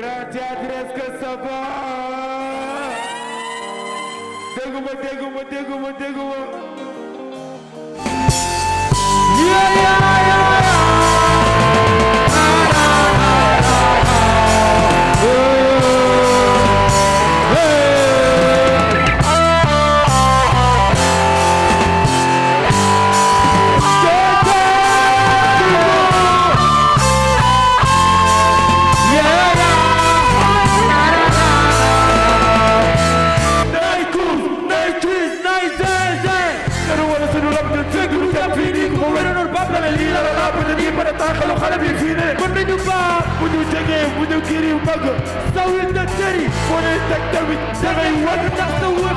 grand théâtre est-ce que ça va dégguma dégguma dégguma dégguma ñu jege bu ñu kiri bëgg saw yi na tëri boo ne tegtal bi dangay war ndax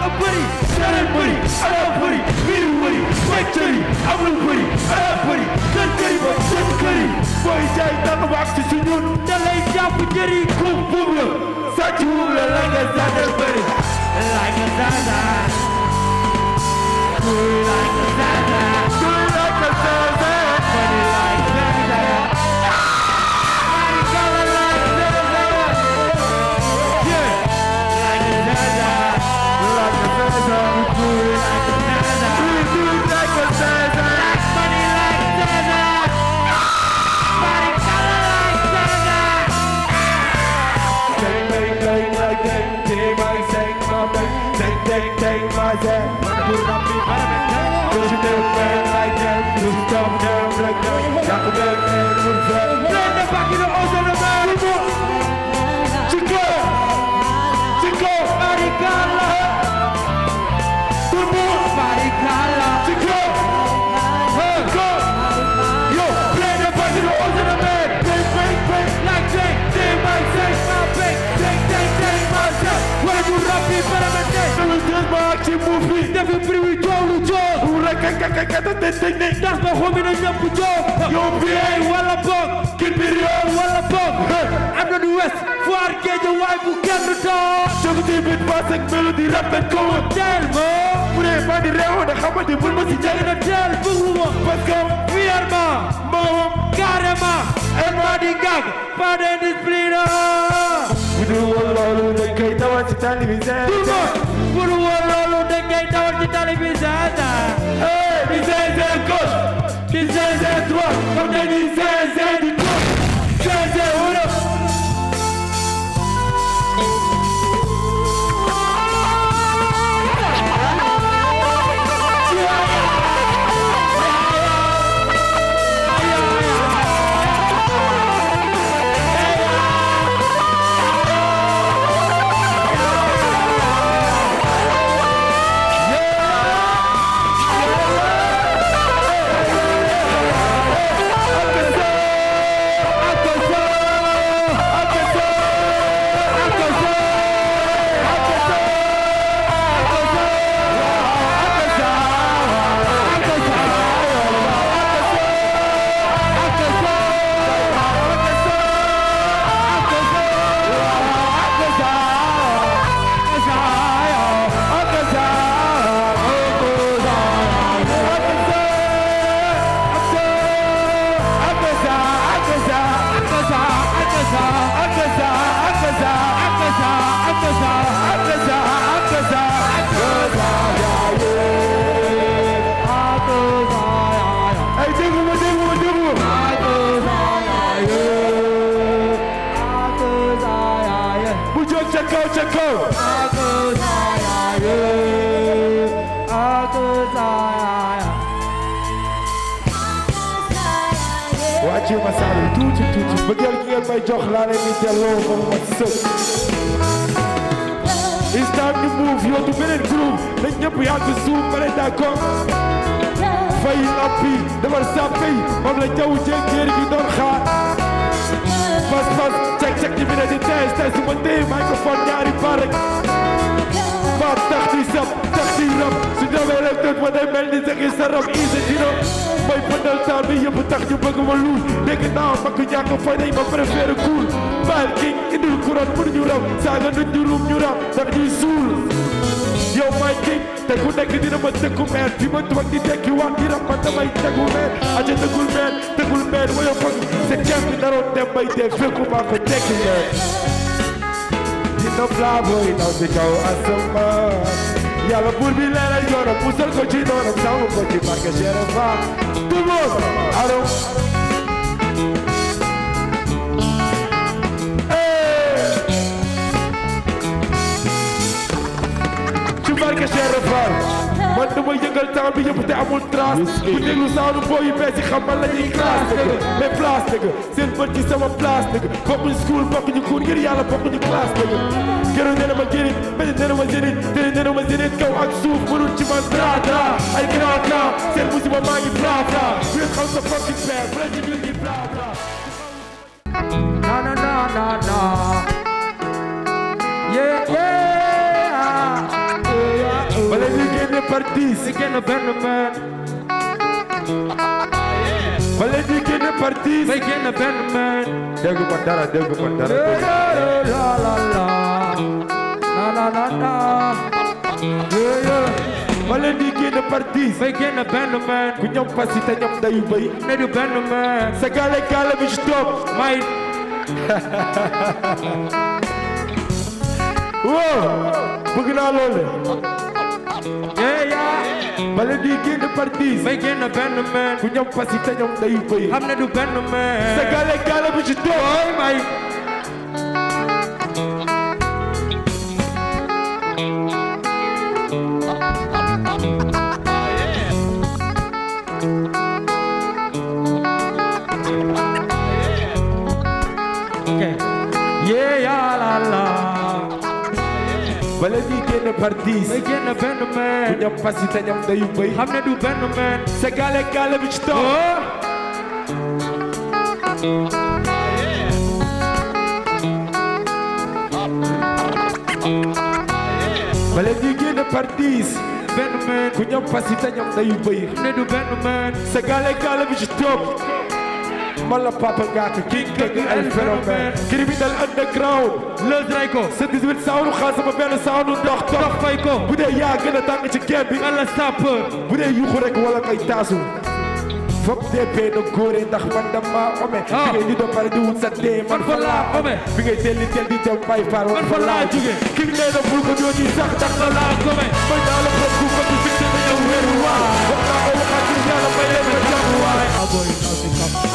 a bëri dara bëri ala bëri mbir bëri faj tëri am bëri ala bëri kër tëri ba seen këri booy jaay dàq ba ak ci suñu da lay jàpp jëri kuub buub bëri permettre heureusement ci mbuuf bi dafa priwi coow lu coow bu rek kakakata te tëj ne ndax ba xoomi na ñëpp coow yow biyeey wala boog kin bir yoon wala boog am na wes foire géeja waay bu kenn toog jogti bit baas ak mélodie rappel ko woon teel ma mu ne maa di réewoon a xamante bul ma si jege na teel bëglu ma parce que fièrement moom carrément et maa di gag pas de discipline bu dul woon loolu ngay dawal ci tali bi Zeza. pour wóor loolu da ngay dawal ci tali bi Zeza. eh bi Zeza gauche bi Zeza droite comme dañuy Zeza. kaw ca kaw aku sayayu aku sayayu wàcce ma saa yi tuuti tuuti bëggeel gi ngeen may jox laa leen di delloo ba mu mat sëkk it's time to move yootu beneen groupe nañ ñëpp yàgg suuf bare d'accord fay noppi defar sàppe yi moom la jaww jéeg xaar Check je binnen de test, test op een ding, microfoon naar die park. Wat dacht die sap, dacht die rap. Ze dan weer ook doet wat hij meld, die zegt is daarop, is het hierop. Mijn panel daar ben je bedacht, je bent gewoon loes. Denk het nou, pak een jak prefer cool. Wel, king, in de Koran, moet je rap. Zagen het, je roep, je yow may king te ku nekk dina ma tëkku meen fi ma toog di tekki wax di rab ma damay tegu meen aja tëkkul meen tëkkul meen waya fag se kem bi naroon dem bay dee fekku ma fa tekki meen dina blaa boy naw si kaw asamaan yàlla buur bi leeral yoonam musal ko ci noonam sàmm ko ci barke Cheikh Fall tout le monde barke Cheikh Rafaal man dama yëngal temps bi yëpp te amul trace bu déglu saaru boo yu bees yi xam man la ñuy classe dëgg mais seen bët ci sama place dëgg school bokkuñu cours ngir yàlla bokkuñu classe dëgg gërëm nee na ma ma génit tëri nee na ak suuf mënul ci man dra dra ay gra gra seen musiba maa ngi bra bra bu leen xam sa fucking père bu leen ci biir gi bra bra non non non non non par dix di génn benn mën wala di génn par dix bay génn benn mën déggu ma dara déggu ma dara la la la la la la wala di génn par dix bay génn benn mën ku ñoom pasi te ñoom dayu bay ne du benn mën sa gaale gaale bi ci topp may wow bëgg naa loolu bala di génn par dix may génn benn meen bu ñam fas ñam day bëy xam ne du benn meen sa gale gale bu ci doo may par dix day génn benn meen bu ñam fas yi te ñam dayu bëy xam ne du benn meen sa gaale gaale bi ci toog oh. bale di génn par dix benn meen bu ñam fas yi te ñam dayu bëy xam ne du benn meen sa gaale gaale bi ci toog man la Papa Ngaaka kii dëgg ay phénomène criminel underground lëz ray ko sa 18 sawnu xaal sama benn sawnu dox dox fay ko bu dee yaa gën a tàng ci geen bi ala sapeur bu dee yuxu rek wala ngay taasu fop dépee na góore ndax man dama ome ah. bi ngay di doon pare di wut sa man fa laa ome bi ngay delli del di dem bay faar man fa laa jóge ki nee na ko ñoo ñuy sax ndax la laa gome man naa ku fekk fi te dañoo waa wax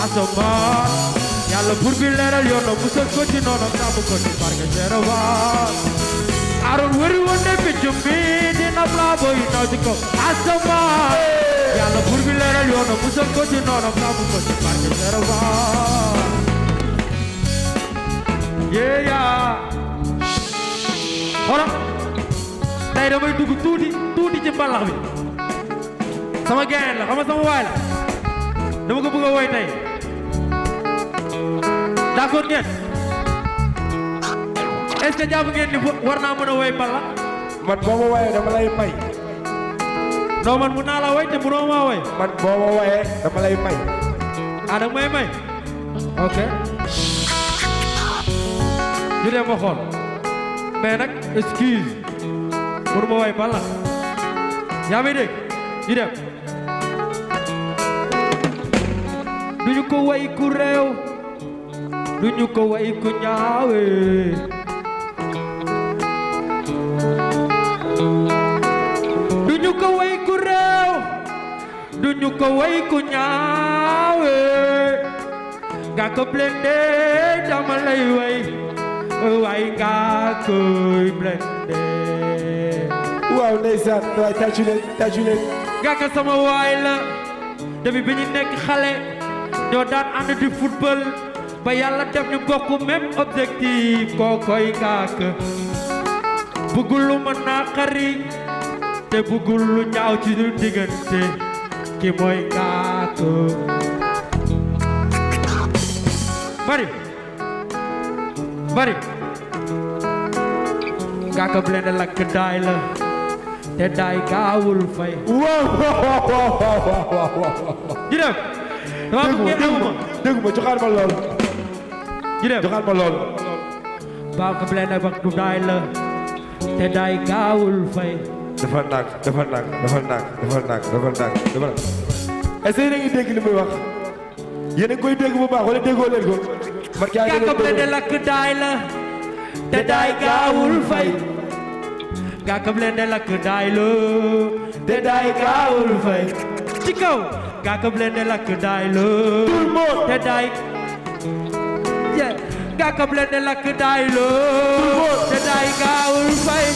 asamaan yàlla buur bi leeral yoonam musal ko ci noonam sàmm ko barke Serapha. Aaron wëri woon ne mbëjum bi dina laa booy naw ci ko asamaan leeral yoonam musal ko ci noonam sàmm ko ci barke Serapha. yeeyaa xoolal tey damay dugg tuuti tuuti ci bi sama gaay la sama waay la. dama ko bëgg a tey d'accord ngeen est-ce que jàpp ngeen war naa mën a woy balla man boo ma dama lay may non man mun naa la woy te mënoo maa man boo ma dama lay may ah may may ok ñu dem ma xool nag excuse mënu ma woy balla yaa may dégg ñu dem ko way ku réew du ñu ko way ku ñaawe du ñu ko way ku réew nga ko blende dama lay way way nga koy blende waaw ndeysaan waay tàccu leen tàccu leen nga ka sama waay la depuis bi ñu nekk xale ñoo daan ànd di football ba yàlla def ñu bokk même objectif kookoy ngaak bëggul lu mën naa xari te bëggul lu ñaaw ci ñu diggante ki mooy ngaak bari bari ngaaka Blindé lakk daay la te daay gaawul fay. waaw waaw waaw waaw waaw. damaa bëgg ngeen amu ma dégg ma joxaat ma lool. ñu dem joxaat ma lool. daay la te fay. dafa nag dafa a a ko. man yaa ngi leen di lakk daay la te daay gaawul fay. fay. ci kaw Ngaaka Blindé lakk daay la tout le monde te daay Ngaaka Blindé lakk daay la te daay gaawul fay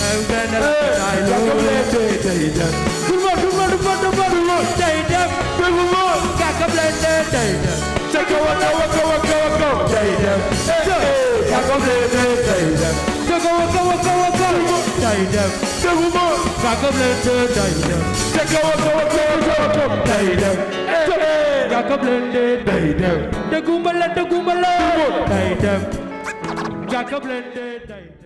Blindé lakk eh, daay la tey dem tout le monde tout le monde tout le monde tey dem tout le monde Ngaaka Blindé tey dem ca kaw waka waka waka waka tey dem Ngaaka eh, eh, Blindé tey dem ca kaw waka waka waka tey dem Jacob lente daidem. Jacob Jacob daidem. Jacob lente daidem. Degumbala degumbala daidem. Jacob lente daidem.